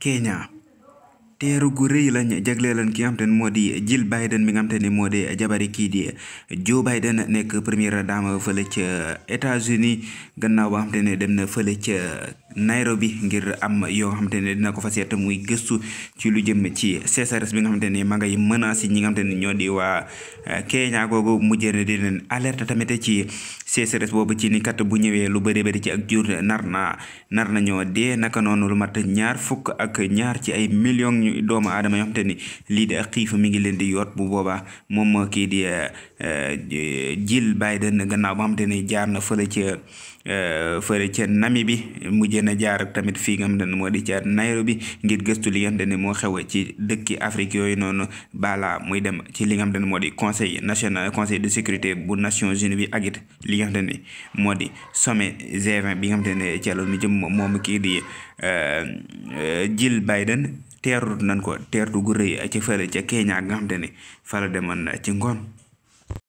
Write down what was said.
Kenya teeru gu rëy lañ jagleelan ki nga xam te ne moo di Jill Biden mi nga xam te ne moo di jabari kii di Joe Biden nekk première dame fële ca États-Unis gannaaw ba nga xam te ne dem na fële ca Nairobi ngir am yoo xamante ne dina ko fas yéene muy gëstu ci lu jëm ci sécheresse bi nga xamante ne ma ngay menace ñi nga xamante ne ñoo di waa eh, Kenya kooku mujjee na di leen alerte tamit ci sécheresse boobu ci ni kat bu ñëwee lu bëri bëri ci ak jur nar na nar nañoo dee naka noonu lu mat ñaar fukk ak ñaar ci ay millions doomu aadama yoo ni lii de ak xiif mi ngi leen di yoot bu boobaa moom moo kii di eh, eh, Jill Biden gannaaw ba xamante ni jaar na fële ci fële ca Namibie mujjee yéen a jaar ak tamit fii nga xam ne moo di ca Nairobi ngir gëstu li nga xam ne moo xew ci dëkki Afrique yooyu noonu balaa muy dem ci li nga xam ne moo di conseil national conseil de sécurité bu Nations Unies bi ak it li nga xam ne moo di sommet g bi nga ne ca loolu mu jëm moom kii di euh, Jill Biden teerut nañ ko teertu gu rëy ci fële ca Kenya nga xam ne fa la demoon ci ngoon.